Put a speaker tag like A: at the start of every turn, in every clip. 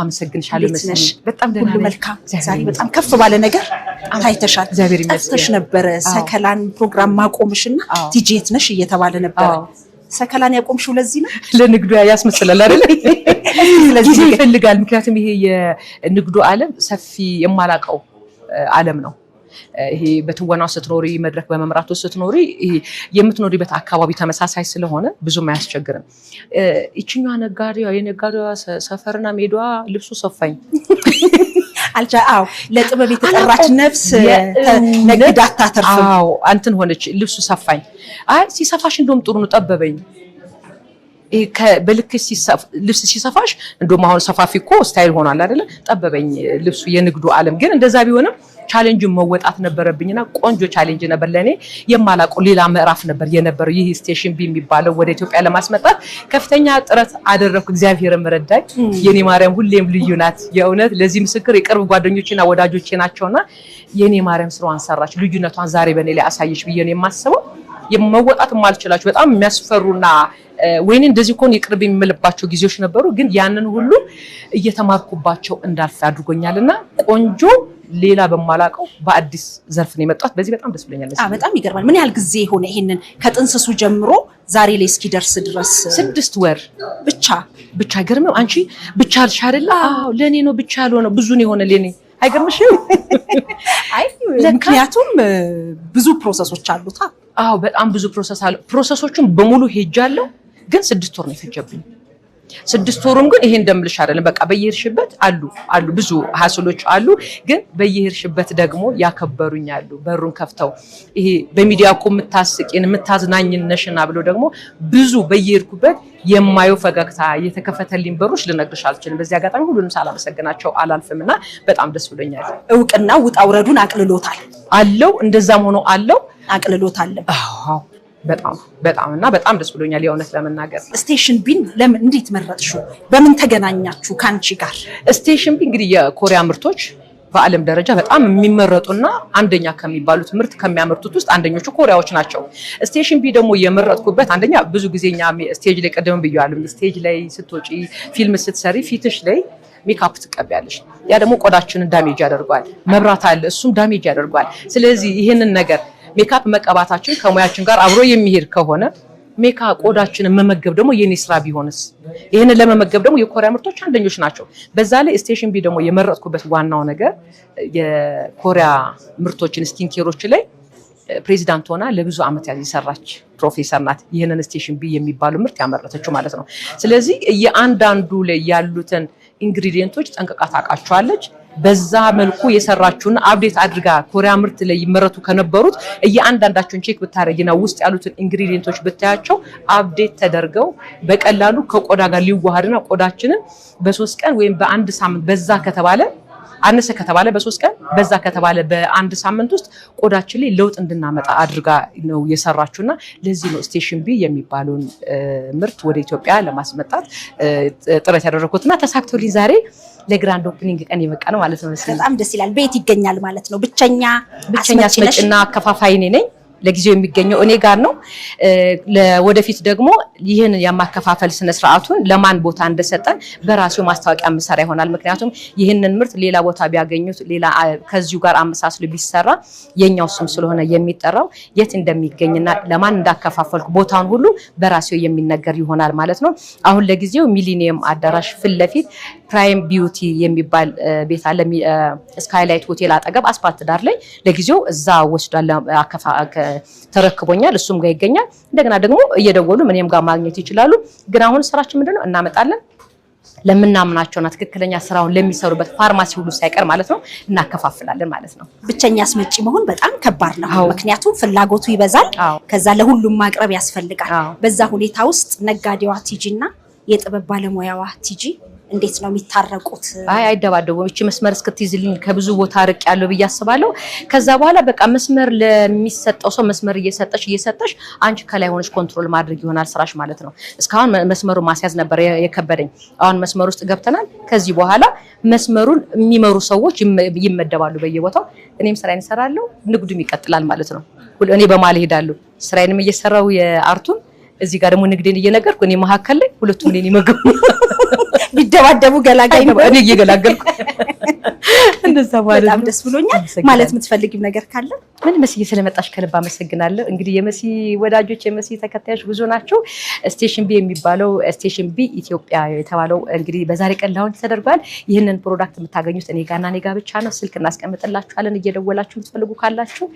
A: አመሰግንሻለሁ። መስለሽ በጣም ሁሉ መልካም። ዛሬ በጣም ከፍ ባለ ነገር ታይተሻል። ጠፍተሽ ነበረ ሰከላን ፕሮግራም ማቆምሽና እና ነሽ እየተባለ ነበረ። ሰከላን ያቆምሽው ለዚህ ነው፣
B: ለንግዱ ያስመስላል አይደል? ይፈልጋል። ምክንያቱም ይሄ የንግዱ ዓለም ሰፊ የማላቀው ዓለም ነው። ይሄ በትወናው ስትኖሪ መድረክ በመምራት ውስጥ ስትኖሪ የምትኖሪበት አካባቢ ተመሳሳይ ስለሆነ ብዙም አያስቸግርም። ይችኛዋ ነጋዴዋ የነጋዴዋ ሰፈርና ሜዳዋ ልብሱ ሰፋኝ
A: አልቻ አዎ፣ ለጥበብ የተጠራች ነፍስ ነግዳ አታተርፍም።
B: አዎ እንትን ሆነች፣ ልብሱ ሰፋኝ። አይ ሲሰፋሽ እንደውም ጥሩ ነው፣ ጠበበኝ በልክ ልብስ ሲሰፋሽ እንደውም አሁን ሰፋፊ እኮ ስታይል ሆኗል አይደለ? ጠበበኝ ልብሱ የንግዱ ዓለም ግን እንደዛ ቢሆንም ቻሌንጁን መወጣት ነበረብኝና ቆንጆ ቻሌንጅ ነበር ለእኔ። የማላውቀው ሌላ ምዕራፍ ነበር የነበረው ይህ ስቴሽን ቢ የሚባለው ወደ ኢትዮጵያ ለማስመጣት ከፍተኛ ጥረት አደረግኩ። እግዚአብሔር ምረዳኝ የኔ ማርያም ሁሌም ልዩ ናት። የእውነት ለዚህ ምስክር የቅርብ ጓደኞችና ወዳጆቼ ናቸውና የኔ ማርያም ስራዋን ሰራች፣ ልዩነቷን ዛሬ በእኔ ላይ አሳየች ብዬ ነው የማስበው። መወጣት የማልችላቸው በጣም የሚያስፈሩና ወይኔ እንደዚህ እኮ ይቅርብ የምልባቸው ጊዜዎች ነበሩ፣ ግን ያንን ሁሉ እየተማርኩባቸው እንዳልፍ እና ቆንጆ ሌላ በማላውቀው በአዲስ ዘርፍ ነው የመጣሁት። በዚህ በጣም ደስ ብለኛል።
A: በጣም ይገርማል። ምን ያህል ጊዜ የሆነ ይሄንን ከጥንስሱ ጀምሮ ዛሬ ላይ እስኪደርስ ድረስ?
B: ስድስት ወር ብቻ ብቻ። አይገርምም? አንቺ ብቻ አልሽ አይደለ?
A: አዎ፣ ለእኔ ነው ብቻ ያልሆነው ብዙ ነው የሆነ ለእኔ አይገርምሽም?
B: ምክንያቱም ብዙ ፕሮሰሶች አሉታ። አዎ፣ በጣም ብዙ ፕሮሰስ አለ። ፕሮሰሶቹን በሙሉ ሄጃለሁ፣ ግን ስድስት ወር ነው የፈጀብኝ። ስድስት ወሩም ግን ይሄ እንደምልሽ አይደለም። በቃ በየሄድሽበት አሉ አሉ ብዙ ሀስሎች አሉ። ግን በየሄድሽበት ደግሞ ያከበሩኝ አሉ በሩን ከፍተው ይሄ በሚዲያ እኮ የምታስቂን ነሽና ብሎ ደግሞ ብዙ በየሄድኩበት የማየው ፈገግታ የተከፈተልኝ በሮች ልነግርሽ አልችልም። በዚህ አጋጣሚ ሁሉንም ሳላመሰግናቸው አላልፍም እና በጣም ደስ ብሎኛል።
A: እውቅና ውጣ ውረዱን አቅልሎታል
B: አለው እንደዛም ሆኖ አለው አቅልሎታል። በጣም በጣም እና በጣም ደስ ብሎኛል የእውነት ለመናገር
A: ስቴሽን ቢን ለምን እንዴት መረጥሹ በምን ተገናኛችሁ ከአንቺ ጋር
B: ስቴሽን ቢ እንግዲህ የኮሪያ ምርቶች በዓለም ደረጃ በጣም የሚመረጡና አንደኛ ከሚባሉት ምርት ከሚያመርቱት ውስጥ አንደኞቹ ኮሪያዎች ናቸው። ስቴሽን ቢ ደግሞ የመረጥኩበት አንደኛ ብዙ ጊዜ እኛ ስቴጅ ላይ ቀደም ብያለሁ፣ ስቴጅ ላይ ስትወጪ ፊልም ስትሰሪ ፊትሽ ላይ ሜካፕ ትቀቢያለሽ። ያ ደግሞ ቆዳችንን ዳሜጅ ያደርጓል። መብራት አለ፣ እሱም ዳሜጅ ያደርጓል። ስለዚህ ይህንን ነገር ሜካፕ መቀባታችን ከሙያችን ጋር አብሮ የሚሄድ ከሆነ ሜካ ቆዳችንን መመገብ ደግሞ የኔ ስራ ቢሆንስ? ይህንን ለመመገብ ደግሞ የኮሪያ ምርቶች አንደኞች ናቸው። በዛ ላይ ስቴሽን ቢ ደግሞ የመረጥኩበት ዋናው ነገር የኮሪያ ምርቶችን ስኪን ኬሮች ላይ ፕሬዚዳንት ሆና ለብዙ ዓመት ያዝ የሰራች ፕሮፌሰር ናት። ይህንን ስቴሽን ቢ የሚባለው ምርት ያመረተችው ማለት ነው። ስለዚህ የአንዳንዱ ላይ ያሉትን ኢንግሪዲየንቶች ጠንቅቃ ታውቃቸዋለች። በዛ መልኩ የሰራችሁን አብዴት አድርጋ ኮሪያ ምርት ላይ ይመረቱ ከነበሩት እያንዳንዳቸውን ቼክ ብታረጊና ውስጥ ያሉትን ኢንግሪዲየንቶች ብታያቸው አብዴት ተደርገው በቀላሉ ከቆዳ ጋር ሊዋሃድና ቆዳችንን በሶስት ቀን ወይም በአንድ ሳምንት በዛ ከተባለ አነሰ ከተባለ በሶስት ቀን በዛ ከተባለ በአንድ ሳምንት ውስጥ ቆዳችን ላይ ለውጥ እንድናመጣ አድርጋ ነው የሰራችው እና ለዚህ ነው ስቴሽን ቢ የሚባለውን ምርት ወደ ኢትዮጵያ ለማስመጣት ጥረት ያደረኩት እና ተሳክቶልኝ ዛሬ ለግራንድ ኦፕኒንግ ቀን የበቃ ነው ማለት ነው።
A: በጣም ደስ ይላል። ቤት ይገኛል ማለት ነው። ብቸኛ
B: ብቸኛ አስመጭና አከፋፋይ እኔ ነኝ። ለጊዜው የሚገኘው እኔ ጋር ነው። ወደፊት ደግሞ ይህን የማከፋፈል ስነስርዓቱን ለማን ቦታ እንደሰጠን በራሱ ማስታወቂያ መሰራ ይሆናል። ምክንያቱም ይህንን ምርት ሌላ ቦታ ቢያገኙት ሌላ ከዚሁ ጋር አመሳስሎ ቢሰራ የኛው ስም ስለሆነ የሚጠራው የት እንደሚገኝና ለማን እንዳከፋፈልኩ ቦታውን ሁሉ በራሴው የሚነገር ይሆናል ማለት ነው። አሁን ለጊዜው ሚሊኒየም አዳራሽ ፊት ለፊት ፕራይም ቢዩቲ የሚባል ቤት አለ። ስካይላይት ሆቴል አጠገብ አስፓልት ዳር ላይ ለጊዜው እዛ ወስዷል አከፋ ተረክቦኛል፣ እሱም ጋር ይገኛል። እንደገና ደግሞ እየደወሉ እኔም ጋር ማግኘት ይችላሉ። ግን አሁን ስራችን ምንድነው እናመጣለን ለምናምናቸውና ትክክለኛ ስራውን ለሚሰሩበት ፋርማሲ ሁሉ ሳይቀር ማለት ነው እናከፋፍላለን ማለት ነው።
A: ብቸኛ አስመጪ መሆን በጣም ከባድ ነው። ምክንያቱም ፍላጎቱ ይበዛል፣ ከዛ ለሁሉም ማቅረብ ያስፈልጋል። በዛ ሁኔታ ውስጥ ነጋዴዋ ቲጂ እና የጥበብ ባለሙያዋ ቲጂ እንዴት ነው የሚታረቁት?
B: አይ አይደባደቡም። እቺ መስመር እስክትይዝልኝ ከብዙ ቦታ ርቅ ያለው ብዬ አስባለሁ። ከዛ በኋላ በቃ መስመር ለሚሰጠው ሰው መስመር እየሰጠሽ እየሰጠሽ አንቺ ከላይ ሆነሽ ኮንትሮል ማድረግ ይሆናል ስራሽ ማለት ነው። እስካሁን መስመሩ ማስያዝ ነበር የከበደኝ። አሁን መስመር ውስጥ ገብተናል። ከዚህ በኋላ መስመሩን የሚመሩ ሰዎች ይመደባሉ በየቦታው። እኔም ስራዬን እሰራለሁ፣ ንግዱም ይቀጥላል ማለት ነው። እኔ በማል እሄዳለሁ፣ ስራዬንም እየሰራው የአርቱን እዚህ ጋር ደግሞ ንግዴን እየነገርኩ እኔ መካከል ላይ ሁለቱም እኔን ይመገቡ
A: ቢደባደቡ ገላጋይ እኔ እየገላገልኩ እንደዛ ማለት በጣም ደስ ብሎኛል። ማለት የምትፈልጊው ነገር ካለ
B: ምን መስዬ ስለመጣሽ ከልብ አመሰግናለሁ። እንግዲህ የመሲ ወዳጆች የመሲ ተከታዮች ብዙ ናቸው። ስቴሽን ቢ የሚባለው ስቴሽን ቢ ኢትዮጵያ የተባለው እንግዲህ በዛሬ ቀን ላውንች ተደርጓል። ይህንን ፕሮዳክት የምታገኙት እኔ ጋና እኔ ጋ ብቻ ነው። ስልክ እናስቀምጥላችኋለን። እየደወላችሁ የምትፈልጉ ካላችሁ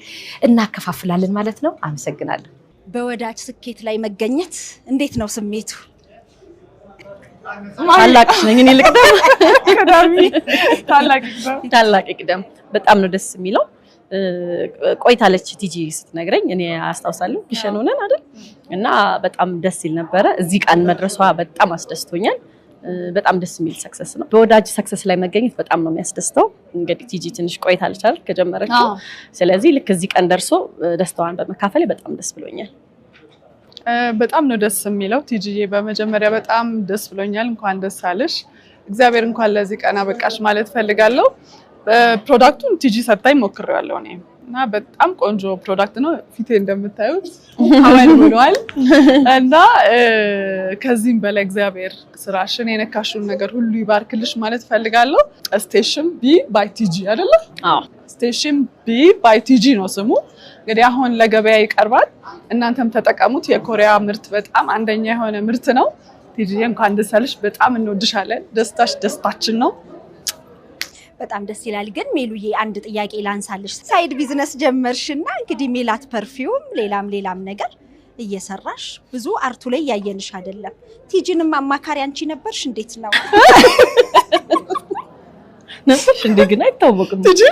B: እናከፋፍላለን ማለት ነው። አመሰግናለሁ።
A: በወዳጅ ስኬት ላይ መገኘት እንዴት ነው ስሜቱ?
B: ታላቅሽ ነኝ እኔ ልቅደም ቀዳሚ ታላቅ ይቅደም። በጣም ነው ደስ የሚለው። ቆይታለች ቲጂ ስትነግረኝ እኔ አስታውሳለሁ። ግሸን ሆነን አይደል እና በጣም ደስ ይል ነበረ። እዚህ ቀን መድረሷ በጣም አስደስቶኛል። በጣም ደስ የሚል ሰክሰስ ነው። በወዳጅ ሰክሰስ ላይ መገኘት በጣም ነው የሚያስደስተው። እንግዲህ ቲጂ ትንሽ ቆይታለች አይደል ከጀመረችው። ስለዚህ ልክ እዚህ ቀን ደርሶ ደስታዋን በመካፈል በጣም ደስ ብሎኛል። በጣም ነው ደስ የሚለው። ቲጂዬ በመጀመሪያ በጣም ደስ ብሎኛል። እንኳን ደስ አለሽ። እግዚአብሔር እንኳን ለዚህ ቀን አበቃሽ ማለት ፈልጋለሁ። ፕሮዳክቱን ቲጂ ሰታኝ ሞክሬዋለሁ እኔ እና በጣም ቆንጆ ፕሮዳክት ነው። ፊቴ እንደምታዩት አዋል ብሏል እና ከዚህም በላይ እግዚአብሔር ስራሽን የነካሽውን ነገር ሁሉ ይባርክልሽ ማለት ፈልጋለሁ። ስቴሽን ቢ ባይ ቲጂ አይደለ? ስቴሽን ቢ ባይ ቲጂ ነው ስሙ። እንግዲህ አሁን ለገበያ ይቀርባል። እናንተም ተጠቀሙት። የኮሪያ ምርት በጣም አንደኛ የሆነ ምርት ነው። እንኳን ደስ በጣም እንወድሻለን። ደስታሽ ደስታችን ነው።
A: በጣም ደስ ይላል። ግን ሜሉዬ አንድ ጥያቄ ላንሳለሽ። ሳይድ ቢዝነስ ጀመርሽና እንግዲህ ሜላት ፐርፊውም፣ ሌላም ሌላም ነገር እየሰራሽ ብዙ አርቱ ላይ እያየንሽ አይደለም። ቲጂንም አማካሪ አንቺ ነበርሽ። እንዴት ነው?
B: ነበርሽ እንዴ? ግን አይታወቅም እንጂ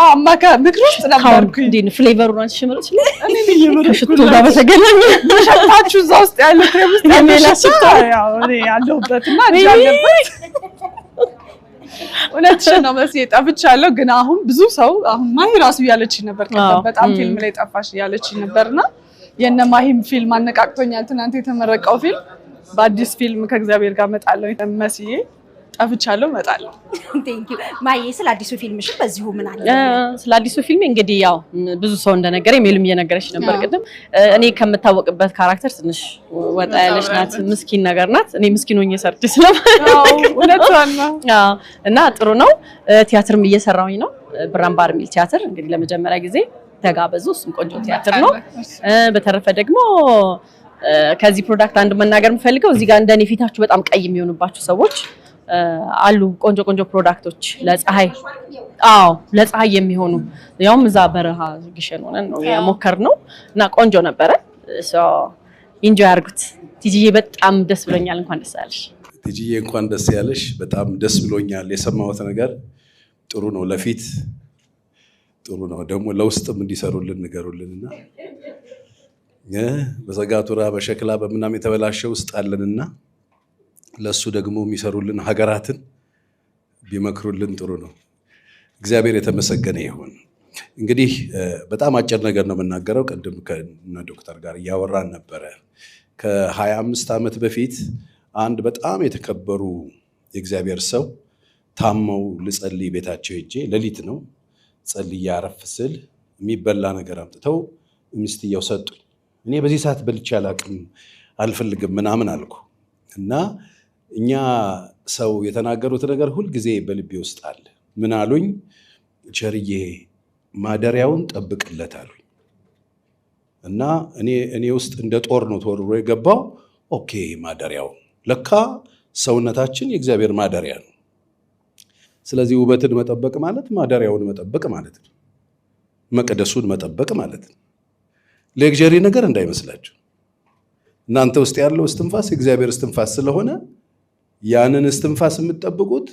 A: አማካ ምክር ውስጥ
B: ነበርኩ። እንዴ ፍሌቨሩን አንቺ ሸመረች እኔ ሽቶ ጋር በተገናኘ
A: ሸጣችሁ እዛ ውስጥ ያለ ክሬም ውስጥ ያለ ሽቶ ያው እኔ ያለሁበት እና እንጂ አለበት
B: እውነትሽን ነው መስ ጠፍቻለሁ። ግን አሁን ብዙ ሰው አሁን ማሂ ራሱ እያለች ነበር በጣም ፊልም ላይ ጠፋሽ እያለች ነበርና የእነ ማሂም ፊልም አነቃቅቶኛል። ትናንት የተመረቀው ፊልም በአዲስ ፊልም ከእግዚአብሔር ጋር መጣለው መስዬ ጠፍቻለሁ፣ እመጣለሁ።
A: ማየ ስለ አዲሱ ፊልምሽ በዚሁ ምን አለ?
B: ስለ አዲሱ ፊልም እንግዲህ ያው ብዙ ሰው እንደነገረ ሜልም እየነገረች ነበር ቅድም። እኔ ከምታወቅበት ካራክተር ትንሽ ወጣ ያለች ናት፣ ምስኪን ነገር ናት። እኔ ምስኪን ሆኜ ሰርቼ ስለማለት እና ጥሩ ነው። ቲያትርም እየሰራሁኝ ነው። ብራምባር የሚል ቲያትር እንግዲህ ለመጀመሪያ ጊዜ ተጋበዙ። እሱም ቆንጆ ቲያትር ነው። በተረፈ ደግሞ ከዚህ ፕሮዳክት አንድ መናገር የምፈልገው እዚህ ጋር እንደኔ ፊታችሁ በጣም ቀይ የሚሆኑባችሁ ሰዎች አሉ ቆንጆ ቆንጆ ፕሮዳክቶች ለፀሐይ አዎ ለፀሐይ የሚሆኑ ያውም እዛ በረሃ ግሸን ሆነን ነው የሞከርነው እና ቆንጆ ነበረ። ኢንጆይ አድርጉት። ቲጂዬ በጣም ደስ ብሎኛል። እንኳን ደስ ያለሽ
C: ቲጂዬ፣ እንኳን ደስ ያለሽ። በጣም ደስ ብሎኛል። የሰማሁት ነገር ጥሩ ነው። ለፊት ጥሩ ነው። ደግሞ ለውስጥም እንዲሰሩልን ንገሩልንና በዘጋቱራ በሸክላ በምናምን የተበላሸ ውስጥ አለንና ለእሱ ደግሞ የሚሰሩልን ሀገራትን ቢመክሩልን ጥሩ ነው። እግዚአብሔር የተመሰገነ ይሁን። እንግዲህ በጣም አጭር ነገር ነው የምናገረው። ቅድም ከነ ዶክተር ጋር እያወራን ነበረ። 2 አምስት ዓመት በፊት አንድ በጣም የተከበሩ የእግዚአብሔር ሰው ታመው ልጸልይ ቤታቸው ሄጄ ሌሊት ነው ጸልዬ አረፍ ስል የሚበላ ነገር አምጥተው ሚስትየው ሰጡኝ። እኔ በዚህ ሰዓት በልቼ አላቅም አልፈልግም ምናምን አልኩ እና እኛ ሰው የተናገሩት ነገር ሁልጊዜ በልቤ ውስጥ አለ። ምን አሉኝ? ቸርዬ ማደሪያውን ጠብቅለት አሉኝ። እና እኔ ውስጥ እንደ ጦር ነው ተወርሮ የገባው። ኦኬ ማደሪያው ለካ ሰውነታችን የእግዚአብሔር ማደሪያ ነው። ስለዚህ ውበትን መጠበቅ ማለት ማደሪያውን መጠበቅ ማለት ነው። መቅደሱን መጠበቅ ማለት ነው። ሌግጀሪ ነገር እንዳይመስላችሁ እናንተ ውስጥ ያለው እስትንፋስ የእግዚአብሔር እስትንፋስ ስለሆነ ያንን እስትንፋስ የምትጠብቁት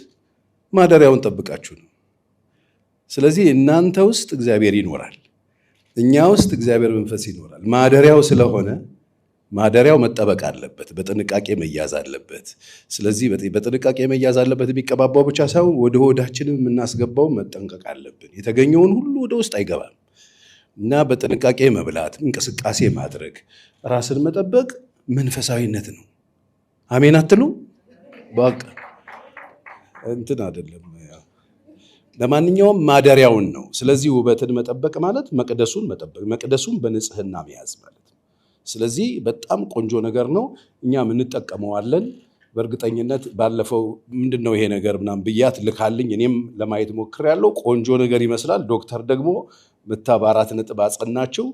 C: ማደሪያውን ጠብቃችሁ ነው። ስለዚህ እናንተ ውስጥ እግዚአብሔር ይኖራል፣ እኛ ውስጥ እግዚአብሔር መንፈስ ይኖራል። ማደሪያው ስለሆነ ማደሪያው መጠበቅ አለበት፣ በጥንቃቄ መያዝ አለበት። ስለዚህ በጥንቃቄ መያዝ አለበት። የሚቀባባው ብቻ ሳይሆን ወደ ሆዳችንም የምናስገባው መጠንቀቅ አለብን። የተገኘውን ሁሉ ወደ ውስጥ አይገባም እና በጥንቃቄ መብላት፣ እንቅስቃሴ ማድረግ፣ ራስን መጠበቅ መንፈሳዊነት ነው። አሜን አትሉ? በቃ እንትን አይደለም። ለማንኛውም ማደሪያውን ነው። ስለዚህ ውበትን መጠበቅ ማለት መቅደሱን መጠበቅ፣ መቅደሱን በንጽህና መያዝ ማለት ነው። ስለዚህ በጣም ቆንጆ ነገር ነው። እኛም እንጠቀመዋለን በእርግጠኝነት። ባለፈው ምንድን ነው ይሄ ነገር ምናምን ብያት ልካልኝ እኔም ለማየት ሞክሬያለሁ። ቆንጆ ነገር ይመስላል። ዶክተር ደግሞ ምታ በአራት ነጥብ አጸናችው።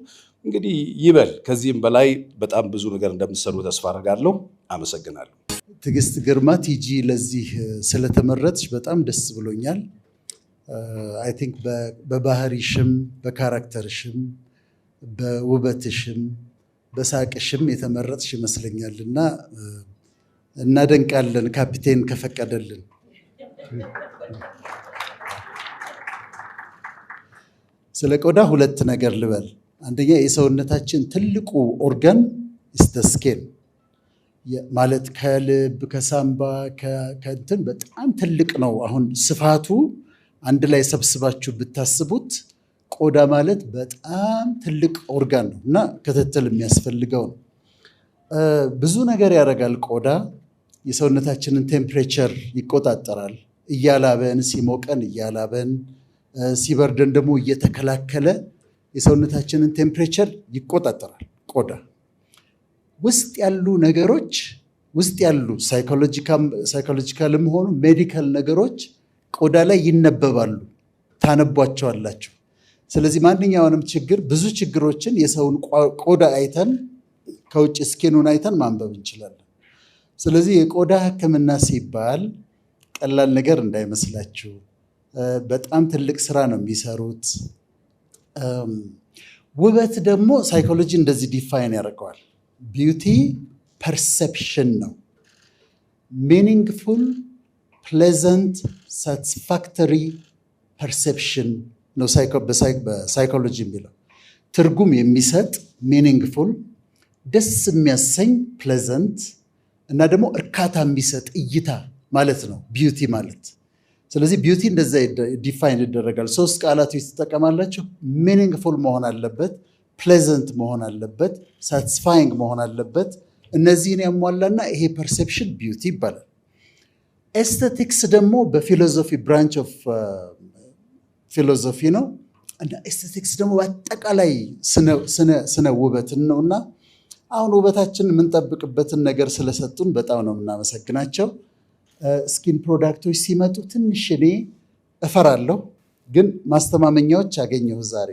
C: እንግዲህ ይበል። ከዚህም በላይ በጣም ብዙ ነገር እንደምትሰሩ ተስፋ አደርጋለሁ። አመሰግናለሁ።
D: ትግስት ግርማ ቲጂ ለዚህ ስለተመረጥሽ በጣም ደስ ብሎኛል። አይ ቲንክ በባህሪሽም በካራክተርሽም በውበትሽም በሳቅሽም የተመረጥሽ ይመስለኛል እና እናደንቃለን ካፒቴን ከፈቀደልን። ስለ ቆዳ ሁለት ነገር ልበል። አንደኛ የሰውነታችን ትልቁ ኦርጋን ስተስኬን ማለት ከልብ ከሳምባ ከእንትን በጣም ትልቅ ነው። አሁን ስፋቱ አንድ ላይ ሰብስባችሁ ብታስቡት ቆዳ ማለት በጣም ትልቅ ኦርጋን ነው እና ክትትል የሚያስፈልገው ነው። ብዙ ነገር ያደርጋል ቆዳ። የሰውነታችንን ቴምፕሬቸር ይቆጣጠራል። እያላበን ሲሞቀን እያላበን ሲበርደን ደግሞ እየተከላከለ የሰውነታችንን ቴምፕሬቸር ይቆጣጠራል ቆዳ ውስጥ ያሉ ነገሮች ውስጥ ያሉ ሳይኮሎጂካልም ሆኑ ሜዲካል ነገሮች ቆዳ ላይ ይነበባሉ፣ ታነቧቸዋላችሁ። ስለዚህ ማንኛውንም ችግር ብዙ ችግሮችን የሰውን ቆዳ አይተን ከውጭ ስኪኑን አይተን ማንበብ እንችላለን። ስለዚህ የቆዳ ሕክምና ሲባል ቀላል ነገር እንዳይመስላችሁ፣ በጣም ትልቅ ስራ ነው የሚሰሩት። ውበት ደግሞ ሳይኮሎጂ እንደዚህ ዲፋይን ያደርገዋል። ቢዩቲ ፐርሰፕሽን ነው። ሚኒንግፉል ፕሌዘንት ሳቲስፋክተሪ ፐርሰፕሽን ነው በሳይኮሎጂ የሚለው ትርጉም የሚሰጥ ሚኒንግፉል፣ ደስ የሚያሰኝ ፕሌዘንት እና ደግሞ እርካታ የሚሰጥ እይታ ማለት ነው ቢዩቲ ማለት። ስለዚህ ቢዩቲ እንደዛ ዲፋይን ይደረጋል። ሶስት ቃላት ተጠቀማላችሁ። ሚኒንግፉል መሆን አለበት። ፕሌዘንት መሆን አለበት፣ ሳቲስፋይንግ መሆን አለበት። እነዚህን ያሟላና ይሄ ፐርሴፕሽን ቢዩቲ ይባላል። ኤስቴቲክስ ደግሞ በፊሎዞፊ ብራንች ኦፍ ፊሎዞፊ ነው እና ኤስቴቲክስ ደግሞ በአጠቃላይ ስነ ውበትን ነው እና አሁን ውበታችን የምንጠብቅበትን ነገር ስለሰጡን በጣም ነው የምናመሰግናቸው። ስኪን uh, ፕሮዳክቶች ሲመጡ ትንሽ እኔ እፈራለሁ፣ ግን ማስተማመኛዎች አገኘሁ ዛሬ።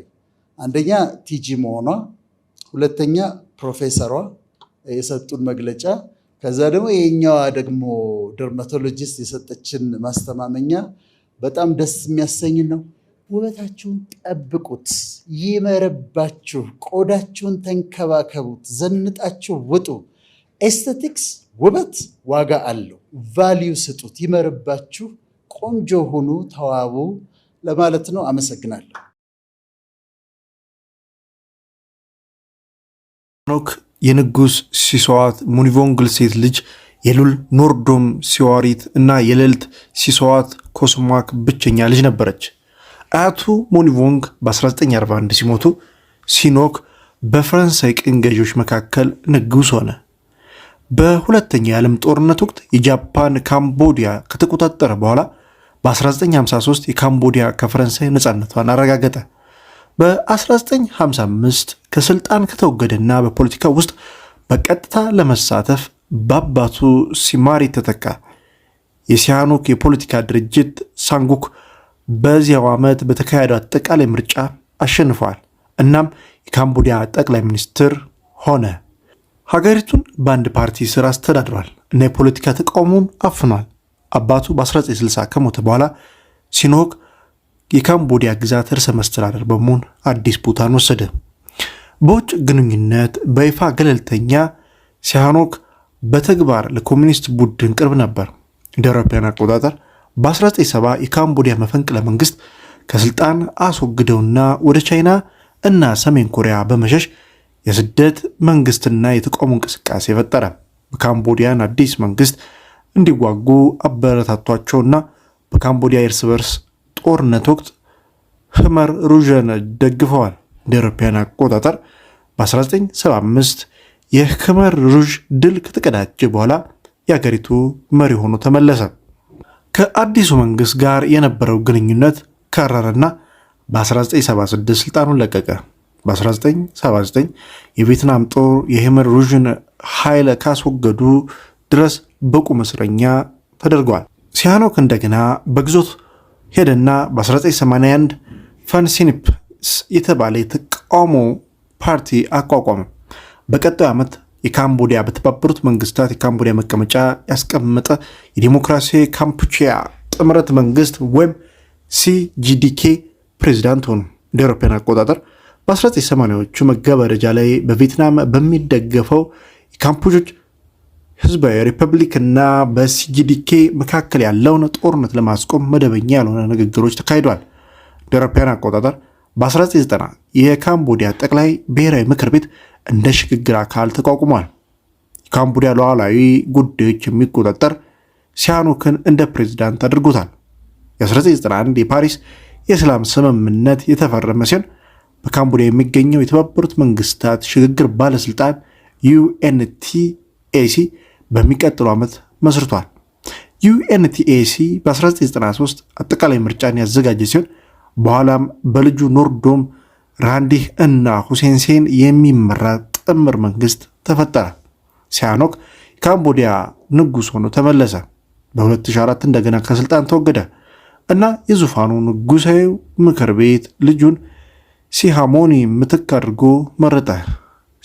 D: አንደኛ ቲጂ መሆኗ፣ ሁለተኛ ፕሮፌሰሯ የሰጡን መግለጫ፣ ከዛ ደግሞ የኛዋ ደግሞ ደርማቶሎጂስት የሰጠችን ማስተማመኛ በጣም ደስ የሚያሰኝ ነው። ውበታችሁን ጠብቁት፣ ይመረባችሁ፣ ቆዳችሁን ተንከባከቡት፣ ዘንጣችሁ ውጡ። ኤስቴቲክስ ውበት ዋጋ አለው፣ ቫሊዩ ስጡት፣ ይመርባችሁ፣ ቆንጆ ሁኑ፣ ተዋቡ ለማለት ነው። አመሰግናለሁ።
E: ኖክ የንጉሥ ሲሰዋት ሙኒቮንግል ሴት ልጅ የሉል ኖርዶም ሲዋሪት እና የለልት ሲሰዋት ኮስማክ ብቸኛ ልጅ ነበረች። አያቱ ሙኒቮንግ በ1941 ሲሞቱ ሲኖክ በፈረንሳይ ቅኝ ገዢዎች መካከል ንጉሥ ሆነ። በሁለተኛው የዓለም ጦርነት ወቅት የጃፓን ካምቦዲያ ከተቆጣጠረ በኋላ በ1953 የካምቦዲያ ከፈረንሳይ ነፃነቷን አረጋገጠ። በ1955 ከስልጣን ከተወገደና በፖለቲካ ውስጥ በቀጥታ ለመሳተፍ በአባቱ ሲማሪ ተተካ። የሲያኑክ የፖለቲካ ድርጅት ሳንጉክ በዚያው ዓመት በተካሄደው አጠቃላይ ምርጫ አሸንፏል። እናም የካምቦዲያ ጠቅላይ ሚኒስትር ሆነ። ሀገሪቱን በአንድ ፓርቲ ስር አስተዳድሯል እና የፖለቲካ ተቃውሞን አፍኗል። አባቱ በ1960 ከሞተ በኋላ ሲኖክ የካምቦዲያ ግዛት እርሰ መስተዳደር በመሆን አዲስ ቦታን ወሰደ። በውጭ ግንኙነት በይፋ ገለልተኛ ሲሃኖክ በተግባር ለኮሚኒስት ቡድን ቅርብ ነበር። እንደ አውሮፓውያን አቆጣጠር በ1970 የካምቦዲያ መፈንቅለ መንግስት ከስልጣን አስወግደውና ወደ ቻይና እና ሰሜን ኮሪያ በመሸሽ የስደት መንግስትና የተቃውሞ እንቅስቃሴ ፈጠረ። በካምቦዲያን አዲስ መንግስት እንዲዋጉ አበረታቷቸውና በካምቦዲያ የእርስ በርስ ጦርነት ወቅት ህመር ሩዥን ደግፈዋል። እንደ አውሮፓውያን አቆጣጠር በ1975 የህመር ሩዥ ድል ከተቀዳጀ በኋላ የአገሪቱ መሪ ሆኖ ተመለሰ። ከአዲሱ መንግስት ጋር የነበረው ግንኙነት ከረረና በ1976 ስልጣኑን ለቀቀ። በ1979 የቬትናም ጦር የህመር ሩዥን ኃይል ካስወገዱ ድረስ በቁም እስረኛ ተደርጓል። ሲያኖክ እንደገና በግዞት ሄደና በ1981 ፈንሲኒፕስ የተባለ የተቃውሞ ፓርቲ አቋቋመ። በቀጣዩ ዓመት የካምቦዲያ በተባበሩት መንግስታት የካምቦዲያ መቀመጫ ያስቀመጠ የዲሞክራሲ ካምፑቺያ ጥምረት መንግስት ወይም ሲጂዲኬ ፕሬዚዳንት ሆኑ። እንደ አውሮፓውያን አቆጣጠር በ1980ዎቹ መገባደጃ ላይ በቪየትናም በሚደገፈው የካምፑቾች ህዝባዊ ሪፐብሊክና በሲጂዲኬ መካከል ያለውን ጦርነት ለማስቆም መደበኛ ያልሆነ ንግግሮች ተካሂዷል። እንደ አውሮፓውያን አቆጣጠር በ1990 የካምቦዲያ ጠቅላይ ብሔራዊ ምክር ቤት እንደ ሽግግር አካል ተቋቁሟል። የካምቦዲያ ሉዓላዊ ጉዳዮች የሚቆጣጠር ሲያኖክን እንደ ፕሬዚዳንት አድርጎታል። የ1991 የፓሪስ የሰላም ስምምነት የተፈረመ ሲሆን በካምቦዲያ የሚገኘው የተባበሩት መንግስታት ሽግግር ባለስልጣን ዩኤንቲኤሲ በሚቀጥለው ዓመት መስርቷል። ዩኤንቲኤሲ በ1993 አጠቃላይ ምርጫን ያዘጋጀ ሲሆን በኋላም በልጁ ኖርዶም ራንዲህ እና ሁሴን ሴን የሚመራ ጥምር መንግስት ተፈጠረ። ሲያኖክ የካምቦዲያ ንጉስ ሆኖ ተመለሰ። በ2004 እንደገና ከስልጣን ተወገደ እና የዙፋኑ ንጉሳዊ ምክር ቤት ልጁን ሲሃሞኒ ምትክ አድርጎ መረጠ።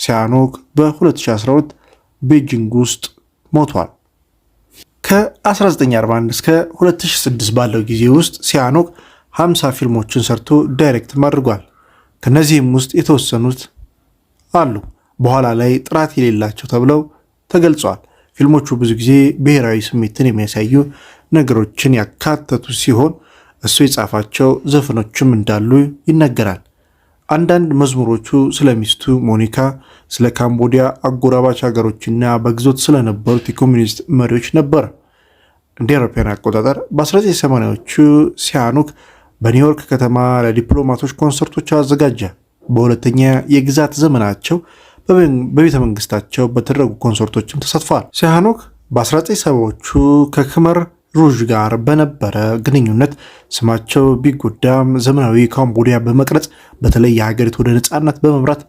E: ሲያኖክ በ2012 ቤጂንግ ውስጥ ሞቷል። ከ1941 እስከ 2006 ባለው ጊዜ ውስጥ ሲያኖቅ 50 ፊልሞችን ሰርቶ ዳይሬክትም አድርጓል። ከነዚህም ውስጥ የተወሰኑት አሉ በኋላ ላይ ጥራት የሌላቸው ተብለው ተገልጸዋል። ፊልሞቹ ብዙ ጊዜ ብሔራዊ ስሜትን የሚያሳዩ ነገሮችን ያካተቱ ሲሆን እሱ የጻፋቸው ዘፈኖችም እንዳሉ ይነገራል። አንዳንድ መዝሙሮቹ ስለ ሚስቱ ሞኒካ፣ ስለ ካምቦዲያ አጎራባች ሀገሮችና በግዞት ስለነበሩት የኮሚኒስት መሪዎች ነበር። እንደ አውሮፓውያን አቆጣጠር በ1980ዎቹ ሲያኑክ በኒውዮርክ ከተማ ለዲፕሎማቶች ኮንሰርቶች አዘጋጀ። በሁለተኛ የግዛት ዘመናቸው በቤተ መንግስታቸው በተደረጉ ኮንሰርቶችም ተሳትፏል። ሲያኑክ በ1970ዎቹ ከክመር ሩዥ ጋር በነበረ ግንኙነት ስማቸው ቢጎዳም ዘመናዊ ካምቦዲያ በመቅረጽ በተለይ የሀገሪቱ ወደ ነፃነት በመምራት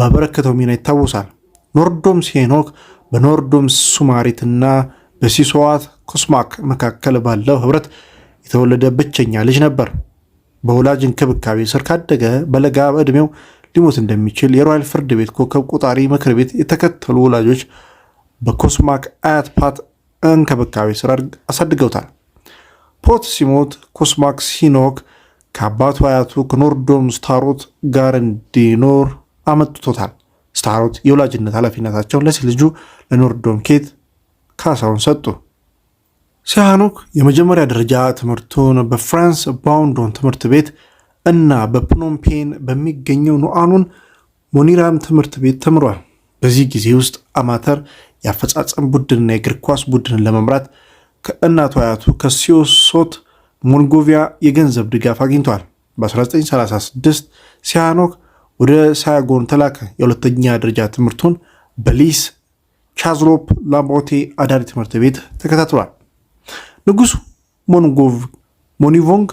E: ባበረከተው ሚና ይታወሳል። ኖርዶም ሴኖክ በኖርዶም ሱማሪትና በሲሶዋት ኩስማክ መካከል ባለው ህብረት የተወለደ ብቸኛ ልጅ ነበር። በወላጅ እንክብካቤ ስር ካደገ በለጋ ዕድሜው ሊሞት እንደሚችል የሮያል ፍርድ ቤት ኮከብ ቆጣሪ ምክር ቤት የተከተሉ ወላጆች በኮስማክ አያት ፓት እንክብካቤ ስራ አሳድገውታል። ፖት ሲሞት ኮስማክስ ሂኖክ ከአባቱ አያቱ ከኖርዶም ስታሮት ጋር እንዲኖር አመጥቶታል። ስታሮት የወላጅነት ኃላፊነታቸውን ለሴት ልጁ ለኖርዶም ኬት ካሳውን ሰጡ። ሲሃኑክ የመጀመሪያ ደረጃ ትምህርቱን በፍራንስ ባውንዶን ትምህርት ቤት እና በፕኖምፔን በሚገኘው ኑአኑን ሞኒራም ትምህርት ቤት ተምሯል። በዚህ ጊዜ ውስጥ አማተር የአፈጻጸም ቡድንና የእግር ኳስ ቡድንን ለመምራት ከእናቱ አያቱ ከሲዮሶት ሞንጎቪያ የገንዘብ ድጋፍ አግኝቷል። በ1936 ሲያኖክ ወደ ሳያጎን ተላከ። የሁለተኛ ደረጃ ትምህርቱን በሊስ ቻዝሎፕ ላምቦቴ አዳሪ ትምህርት ቤት ተከታትሏል። ንጉሱ ሞንጎቭ ሞኒቮንግ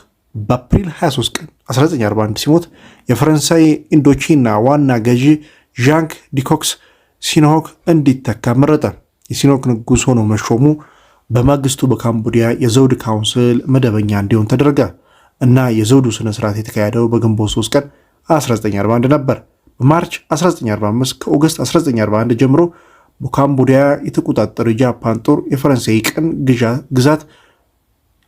E: በአፕሪል 23 ቀን 1941 ሲሞት የፈረንሳይ ኢንዶቺና ዋና ገዢ ዣንክ ዲኮክስ ሲኖክ እንዲተካ መረጠ። የሲኖክ ንጉሥ ሆኖ መሾሙ በማግስቱ በካምቦዲያ የዘውድ ካውንስል መደበኛ እንዲሆን ተደረገ እና የዘውዱ ሥነ ስርዓት የተካሄደው በግንቦት 3 ቀን 1941 ነበር። በማርች 1945 ከኦገስት 1941 ጀምሮ በካምቦዲያ የተቆጣጠሩ የጃፓን ጦር የፈረንሳይ ቅኝ ግዛት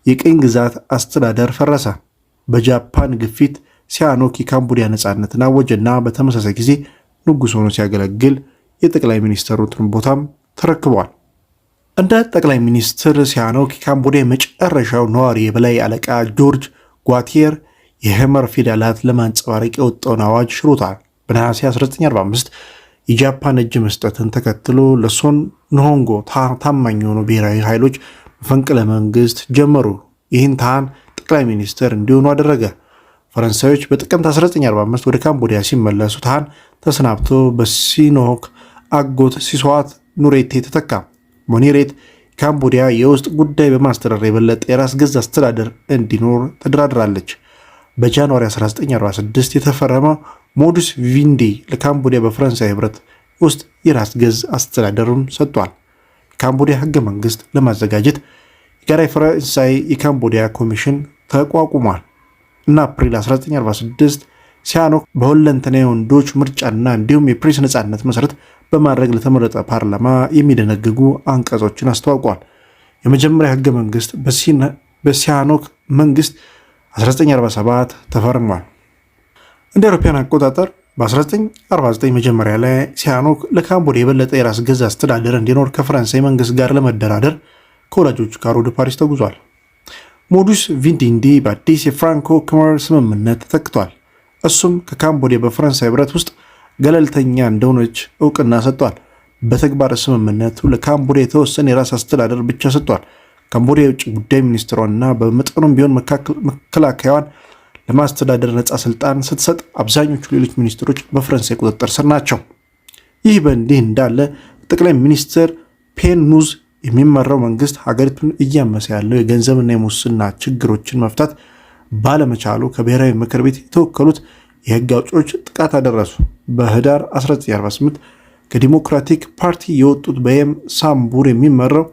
E: የቅኝ ግዛት አስተዳደር ፈረሰ። በጃፓን ግፊት ሲያኖክ የካምቦዲያ ነፃነትን አወጀና በተመሳሳይ ጊዜ ንጉሥ ሆኖ ሲያገለግል የጠቅላይ ሚኒስትሩን ቦታም ተረክቧል እንደ ጠቅላይ ሚኒስትር ሲያኖክ የካምቦዲያ የመጨረሻው ነዋሪ የበላይ አለቃ ጆርጅ ጓቲየር የህመር ፊደላት ለማንጸባረቅ የወጣውን አዋጅ ሽሩታል። በነሐሴ 1945 የጃፓን እጅ መስጠትን ተከትሎ ለሶን ንሆንጎ ታማኝ የሆኑ ብሔራዊ ኃይሎች መፈንቅለ መንግስት ጀመሩ። ይህን ታን ጠቅላይ ሚኒስትር እንዲሆኑ አደረገ። ፈረንሳዮች በጥቅምት 1945 ወደ ካምቦዲያ ሲመለሱ ታን ተሰናብቶ በሲኖክ አጎት ሲሰዋት ኑሬቴ ተተካ። ሞኒሬት ካምቦዲያ የውስጥ ጉዳይ በማስተዳደር የበለጠ የራስ ገዝ አስተዳደር እንዲኖር ተደራድራለች። በጃንዋሪ 1946 የተፈረመው ሞዱስ ቪንዲ ለካምቦዲያ በፈረንሳይ ህብረት ውስጥ የራስ ገዝ አስተዳደሩን ሰጥቷል። የካምቦዲያ ህገ መንግስት ለማዘጋጀት የጋራ የፈረንሳይ የካምቦዲያ ኮሚሽን ተቋቁሟል እና አፕሪል 1946 ሲያኖክ በሁለንተናዊ የወንዶች ምርጫና እንዲሁም የፕሬስ ነጻነት መሰረት በማድረግ ለተመረጠ ፓርላማ የሚደነግጉ አንቀጾችን አስተዋውቋል። የመጀመሪያ ህገ መንግስት በሲያኖክ መንግስት 1947 ተፈርሟል። እንደ አውሮፓውያን አቆጣጠር በ1949 መጀመሪያ ላይ ሲያኖክ ለካምቦዲያ የበለጠ የራስ ገዛ አስተዳደር እንዲኖር ከፈረንሳይ መንግስት ጋር ለመደራደር ከወላጆቹ ጋር ወደ ፓሪስ ተጉዟል። ሞዱስ ቪንዲንዲ በአዲስ የፍራንኮ ክመር ስምምነት ተተክቷል። እሱም ከካምቦዲያ በፈረንሳይ ህብረት ውስጥ ገለልተኛ እንደሆነች እውቅና ሰጥቷል። በተግባር ስምምነቱ ለካምቦዲያ የተወሰነ የራስ አስተዳደር ብቻ ሰጥቷል። ካምቦዲያ የውጭ ጉዳይ ሚኒስትሯንና በመጠኑም ቢሆን መከላከያዋን ለማስተዳደር ነፃ ስልጣን ስትሰጥ፣ አብዛኞቹ ሌሎች ሚኒስትሮች በፈረንሳይ ቁጥጥር ስር ናቸው። ይህ በእንዲህ እንዳለ ጠቅላይ ሚኒስትር ፔንኑዝ የሚመራው መንግስት ሀገሪቱን እያመሰ ያለው የገንዘብና የሙስና ችግሮችን መፍታት ባለመቻሉ ከብሔራዊ ምክር ቤት የተወከሉት የህግ አውጪዎች ጥቃት አደረሱ። በህዳር 1948 ከዲሞክራቲክ ፓርቲ የወጡት በየም ሳምቡር የሚመራው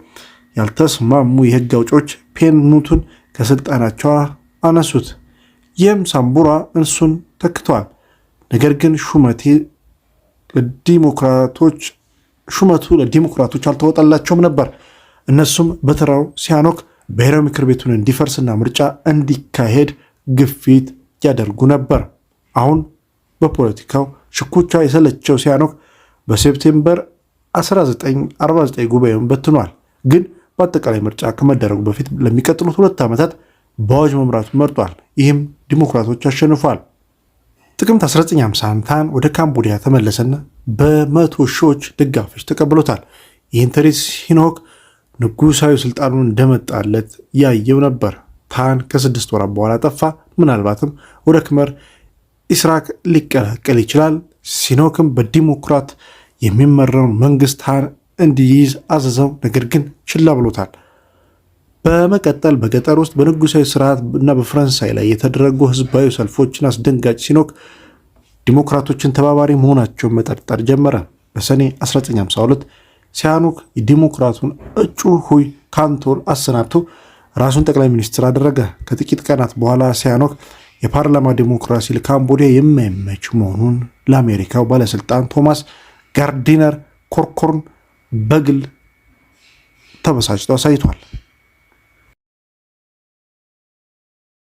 E: ያልተስማሙ የህግ አውጪዎች ፔንኑቱን ከስልጣናቸው አነሱት። የም ሳምቡራ እንሱን ተክተዋል። ነገር ግን ሹመቴ ለዲሞክራቶች ሹመቱ ለዲሞክራቶች አልተወጣላቸውም ነበር። እነሱም በተራው ሲያኖክ ብሔራዊ ምክር ቤቱን እንዲፈርስና ምርጫ እንዲካሄድ ግፊት ያደርጉ ነበር። አሁን በፖለቲካው ሽኩቻ የሰለቸው ሲያኖክ በሴፕቴምበር 1949 ጉባኤውን በትኗል። ግን በአጠቃላይ ምርጫ ከመደረጉ በፊት ለሚቀጥሉት ሁለት ዓመታት በአዋጅ መምራቱ መርጧል። ይህም ዲሞክራቶች አሸንፏል። ጥቅምት 1951 ታን ወደ ካምቦዲያ ተመለሰና በመቶ ሺዎች ደጋፊዎች ተቀብሎታል። ይህን ተሪስ ሲኖክ ንጉሳዊ ስልጣኑ እንደመጣለት ያየው ነበር። ታን ከስድስት ወራት በኋላ ጠፋ። ምናልባትም ወደ ክመር ኢስራቅ ሊቀላቀል ይችላል። ሲኖክም በዲሞክራት የሚመራውን መንግስት ታን እንዲይዝ አዘዘው፣ ነገር ግን ችላ ብሎታል። በመቀጠል በገጠር ውስጥ በንጉሳዊ ስርዓት እና በፈረንሳይ ላይ የተደረጉ ህዝባዊ ሰልፎችን አስደንጋጭ ሲኖክ ዲሞክራቶችን ተባባሪ መሆናቸውን መጠርጠር ጀመረ። በሰኔ 1952 ሲያኑክ ዲሞክራቱን እጩ ሁይ ካንቶን አሰናብቶ ራሱን ጠቅላይ ሚኒስትር አደረገ። ከጥቂት ቀናት በኋላ ሲያኖክ የፓርላማ ዲሞክራሲ ለካምቦዲያ የማይመች መሆኑን ለአሜሪካው ባለስልጣን ቶማስ ጋርዲነር ኮርኮርን በግል ተበሳጭቶ አሳይቷል።